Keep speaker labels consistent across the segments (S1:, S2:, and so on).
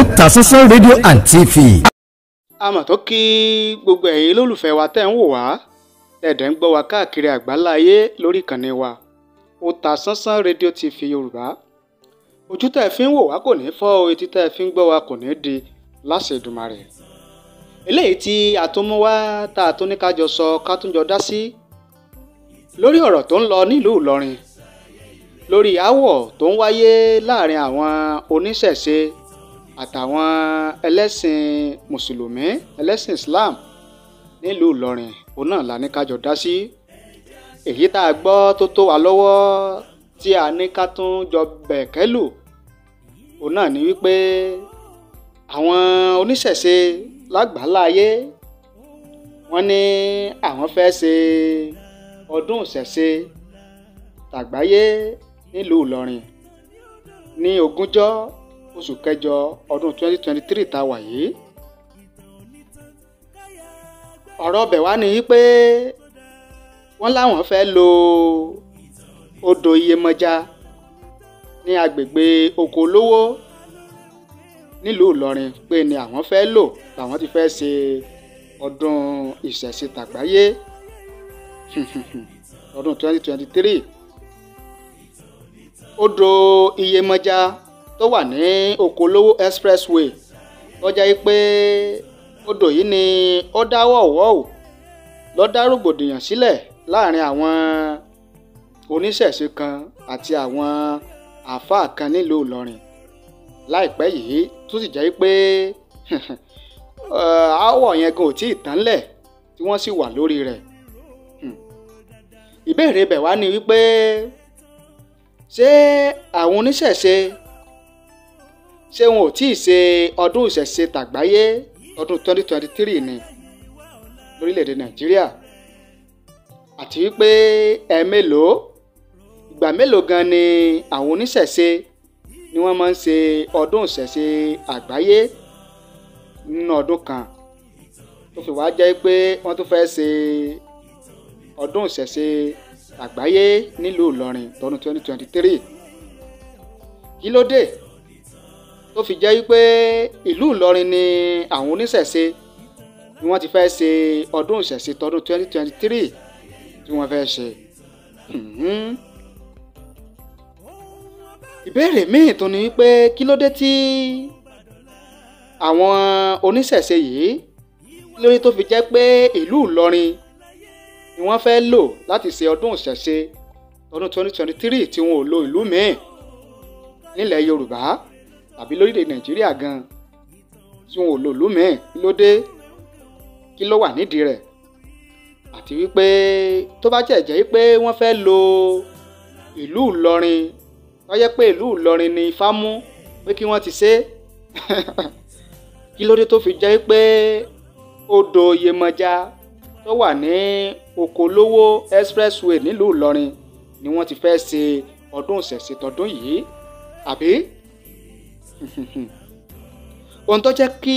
S1: Otasansan rédíò and TV. amọ̀tó kí gbogbo ẹ̀yin lólùfẹ́ wa tẹ́ ń wò wá ẹ̀dẹ̀ ń gbọ́ wa káàkiri àgbáńlá ayé lórí ìkànnì wa Otasansan rédíò TV Yorùbá ojú tẹ́ ẹ fi ń wò wá kò ní fọ́ o etí tẹ́ ẹ fi ń gbọ́ wa kò ní di láṣẹ Èdùmàrè eléyìí tí a tún mú wá tá a tún ní ká jọ sọ ká tún jọ dá sí lórí ọ̀rọ̀ tó ń lọ nílùú Ìlọrin lórí aáwọ̀ tó ń wáyé láàrin àwọn oníṣẹ̀ṣe àtàwọn ẹlẹ́sìn mùsùlùmí ẹlẹ́sìn Islam nílùú Ìlọrin òun náà la ní kájọ dá sí èyí tá a gbọ́ tó tó wa lọ́wọ́ tí a ní ká tún jọ bẹ̀kẹ́lù òun náà ni wípé àwọn oníṣẹ̀ṣe lágbàláyé wọ́n ní àwọn fẹ́ ṣe ọdún ìṣẹ̀ṣe tàgbáyé nílùú Ìlọrin ní ogúnjọ́ oṣù kẹjọ ọdún 2023 tá a wà yìí ọ̀rọ̀ ọbẹ̀ wá ni pé wọ́n láwọn fẹ́ lo odò Iyemọja ní agbègbè oko olówó nílùú Ìlọrin pé ni àwọn fẹ́ lò làwọn ti fẹ́ ṣe ọdún ìṣẹ̀ṣe tàgbáyé ọdún 2023 odò Iyemọja tó wà ní Òkòlówó expressway tó jẹ́ pé odò yìí ni ó dáwọ́ ọ̀wọ́ọ̀ ló dá rògbòdìyàn sílẹ̀ láàrin àwọn oníṣẹ̀ṣe kan àti àwọn àáfàá kan nílùú Ìlọrin láìpẹ́ yìí tó sì jẹ́ pé eh, aáwọ̀ yẹn gan ò tí ì tán lẹ̀ tí wọ́n sì wà lórí rẹ̀ hmm. ìbéèrè bẹ̀ wá ni wípé ṣé àwọn oníṣẹ̀ṣe ṣé wọn ò tí ì ṣe ọdún ìṣẹ̀ṣe tàgbáyé ọdún 2023 ni lórílẹ̀‐èdè nàìjíríà àti wípé ẹ̀ẹ̀mélòó ìgbà mélòó gan ni àwọn oníṣẹ̀ṣe ni wọ́n máa ń ṣe ọdún ìṣẹ̀ṣe àgbáyé nínú ọdún kan tó fi wá jẹ́ pé wọ́n tún fẹ́ ṣe ọdún ìṣẹ̀ṣe àgbáyé nílùú Ìlọrin tọdún 2023 kí ló dé tó fi jẹ́ wípé ìlú Ìlọrin ni àwọn oníṣẹ̀ṣe ni wọ́n ti fẹ́ ṣe ọdún ìṣẹ̀ṣe tọdún 2023 tí wọ́n fẹ́ ṣe. Hmm. ìbéèrè míì tún ni wípé kí ló dé tí àwọn oníṣẹ̀ṣe yìí lórí tó fi jẹ́ pé ìlú Ìlọrin ni wọ́n fẹ́ lò láti ṣe ọdún ìṣẹ̀ṣe ọdún 2023 tí wọn ò lo ìlú míì nílẹ̀ Yorùbá tàbí lórílẹ̀ Nàìjíríà gan tí wọn ò lo ìlú míì kí ló dé kí ló wà nídìí rẹ̀ àti wípé tó bá jẹ̀jẹ̀ wípé wọ́n fẹ́ lo ìlú Ìlọrin tó yẹ pé ìlú Ìlọrin ni Ifá mú pé kí wọ́n ti ṣe kí ló dé tó fi jẹ́ pé odò Yemọja tó wà ní Okolówó expressway nílùú Ìlọrin ni wọ́n ti fẹ́ ṣe ọdún ìṣẹ̀ṣe tọdún yìí àbí ohun tó jẹ́ kí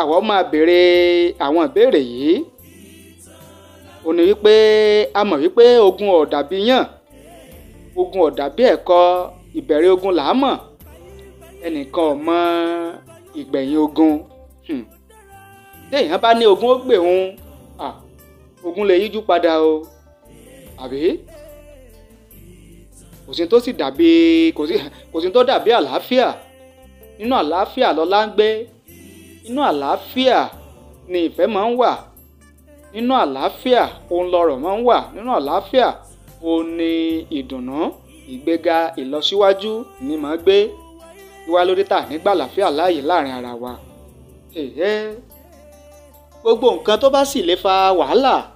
S1: àwọn máa béèrè àwọn ìbéèrè yìí ó ní wípé a mọ̀ wípé ogun ọ̀dà bí yàn ogun ọ̀dà bí ẹ̀kọ́ ìbẹ̀rẹ̀ ogun là á mọ̀ ẹnìkan ò mọ ìgbẹ̀yìn ogun hmm. téèyàn bá ní ogun ó gbè òun ogun lè yíjú padà o àbí kò sí tó sì dàbí kò sí tó dàbí àlàáfíà nínú àlàáfíà lọ́lá ń gbé nínú àlàáfíà ni ìfẹ́ máa ń wà nínú àlàáfíà òun lọ́rọ̀ máa ń wà nínú àlàáfíà òun ni ìdùnnú ìgbéga ìlọsíwájú ni màá gbé ìwà lórí ta nígbà àlàáfíà láàyè láàrin ara wa. Hey, hey. gbogbo nǹkan tó bá sì lè fa wàhálà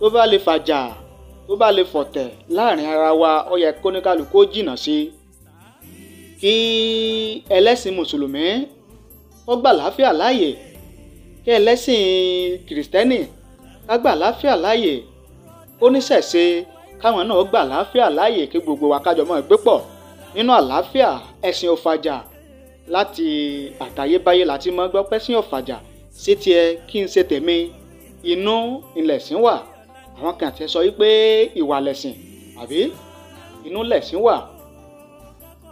S1: tó bá lè fàjà tó bá lè fọ̀tẹ̀ láàrin ara wa ó yẹ kóníkálukú ó jìnnà sí i kí ẹlẹ́sìn mùsùlùmí ó gbà láfíà láàyè kí ẹlẹ́sìn kìrìsìtẹ́nì ká gbà láfíà láàyè oníṣẹ̀ṣe káwọn náà gbà láfíà láàyè kí gbogbo wa kájọ mọ́ ẹgbẹ́ pọ̀ nínú àlàáfíà ẹ̀sìn òfàjà láti àtayébáyé láti mọ́ gbọ́ pẹ́sìn òfàjà sí tiẹ̀ kí n ṣe tèmi inú ìlẹ̀sìn wà àwọn kan ti sọ wípé ìwà lẹ̀sìn àbí inú lẹ̀sìn wà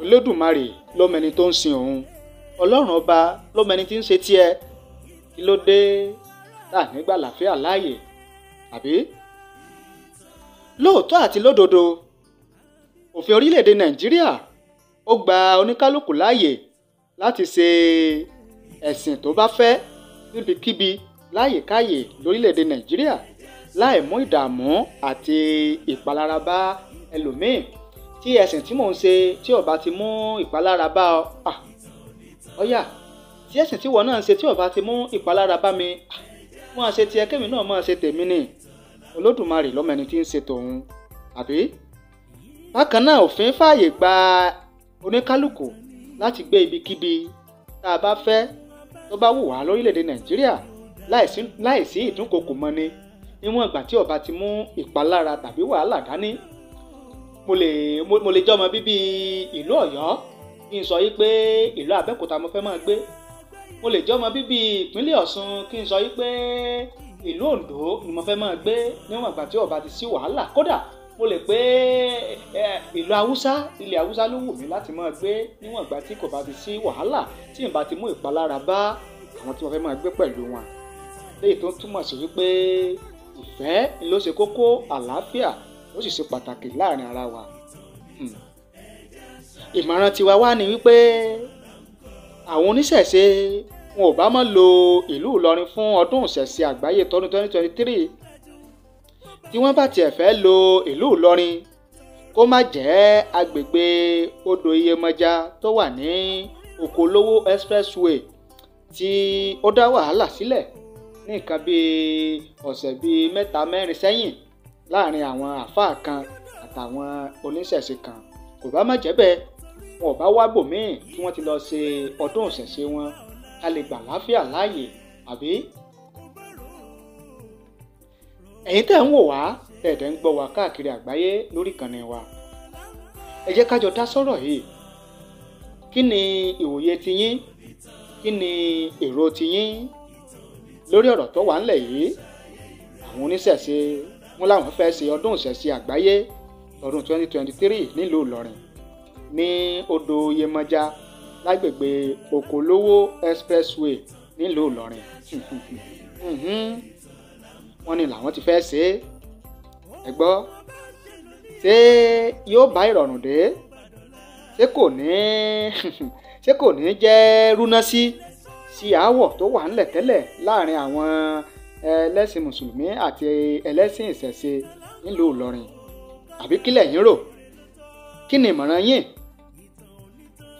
S1: olódùmarè ló mẹni tó ń sin òun ọlọ́run ọba ló mẹni tí ń ṣe tiẹ̀ kí ló dé tá à nígbà làáfíà láàyè àbí lóòótọ́ àti lódodo òfin orílẹ̀-èdè nàìjíríà ó gba oníkálukú láàyè láti ṣe ẹ̀sìn tó bá fẹ́ níbikíbi láyèkáyè lórílẹ̀-èdè nàìjíríà láì mú ìdààmú àti ìpalára bá ẹlòmíì tí ẹ̀sìn tí mò ń ṣe tí ó bá ti mú ìpalára bá ọ ọyà tí ẹ̀sìn tí wọn náà ń ṣe tí ó bá ti mú ìpalára bá mi máa ṣe tiẹ̀ kémi náà máa ṣe tèmi ni olódùmarè lọ́mọ ẹni tí ń ṣe tòun àbí. bákan náà òfin fààyè gba oníkálukú láti gbé ibikíbi tá a bá fẹ́ tó bá wù wá lórílẹ̀‐èdè nàìjíríà láìsí ìdúnkokò mọ́ni níwọ̀n ìgbà tí ó bá ti mú ìpalára tàbí wàhálà dání mo lè mo lè jọmọ bíbí ìlú Ọ̀yọ́ kí n sọ yí pé ìlú Abẹ́òkúta mo fẹ́ máa gbé mo lè jọmọ bíbí ìpínlẹ̀ Ọ̀ṣun kí n sọ yí pé ìlú Oǹdó ni mo fẹ́ máa gbé níwọ̀n ìgbà tí ó bá ti sí wàhálà kódà mo lè pé ìlú haúsá ilẹ̀ haúsá ló wù mí láti máa gbé níwọ̀n ìgbà tí kò bá ti sí wàhálà tí n ti mú ìpalára bá àwọn tí mo fẹ́ máa gbé pẹ̀lú wọn léyìí tó túmọ̀ sí wípé ìfẹ́ ló ṣe kókó àlàáfíà ó sì ṣe pàtàkì láàrin ara wa. Hmm. ìmọ̀ràn tiwa wá ni wípé àwọn oníṣẹ̀ṣe wọn ò bá mọ̀ lo ìlú Ìlọrin fún ọdún ìṣẹ̀ṣe àgbáyé tọdún 2023 tí wọ́n bá tiẹ̀ fẹ́ lo ìlú Ìlọrin kó má jẹ́ agbègbè odò Iyemọja tó wà ní Òkòlówó expressway tí ó dá wàhálà sílẹ̀ si ní nǹkan bíi ọ̀sẹ̀ bíi mẹ́ta mẹ́rin sẹ́yìn láàrin àwọn àáfàá kan àtàwọn oníṣẹ̀ṣe kan kò bá má jẹ́ bẹ́ẹ̀ wọn ò bá wá bòmíì tí wọ́n ti lọ ṣe ọdún ìṣẹ̀ṣe wọn ká lè gbà láfíà láàyè àbí. ẹ̀yin tẹ́ ń wò wá tẹ̀ẹ̀dẹ̀ ń gbọ́ wá káàkiri àgbáyé lórí ìkànnì wa ẹ jẹ́ ká jọ dá sọ́rọ̀ yìí kí ni ìwòye tiyín kí ni èrò tiyín lórí ọ̀rọ̀ tó wà ńlẹ̀ yìí àwọn oníṣẹ̀ṣe wọn làwọn fẹ́ ṣe ọdún ìṣẹ̀ṣe àgbáyé ọdún 2023 nílùú Ìlọrin ní odò Yemọja lágbègbè Òkòlówó expressway nílùú Ìlọrin wọ́n ní làwọn ti fẹ́ ṣe é ẹ gbọ́ ṣé yóò bá ìrọ̀rùn dé ṣé kò ní ṣé kò ní jẹ́ rúná sí. Si? sí aáwọ̀ tó wà ńlẹ̀ tẹ́lẹ̀ láàrin àwọn ẹlẹ́sìn mùsùlùmí àti ẹlẹ́sìn ìṣẹ̀ṣe nílùú Ìlọrin àbí kílẹ̀ yín rò kí ni ìmọ̀ràn yín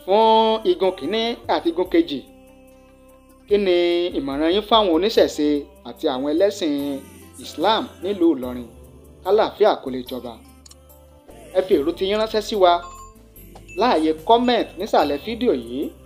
S1: fún igun kínní àti igun kejì kí ni ìmọ̀ràn yín fáwọn oníṣẹ̀ṣe àti àwọn ẹlẹ́sìn Islam nílùú Ìlọrin kálàáfíà kó lè jọba ẹ fi èrò tí yín ránṣẹ́ sí wa láàyè comment nísàlẹ̀ fídíò yìí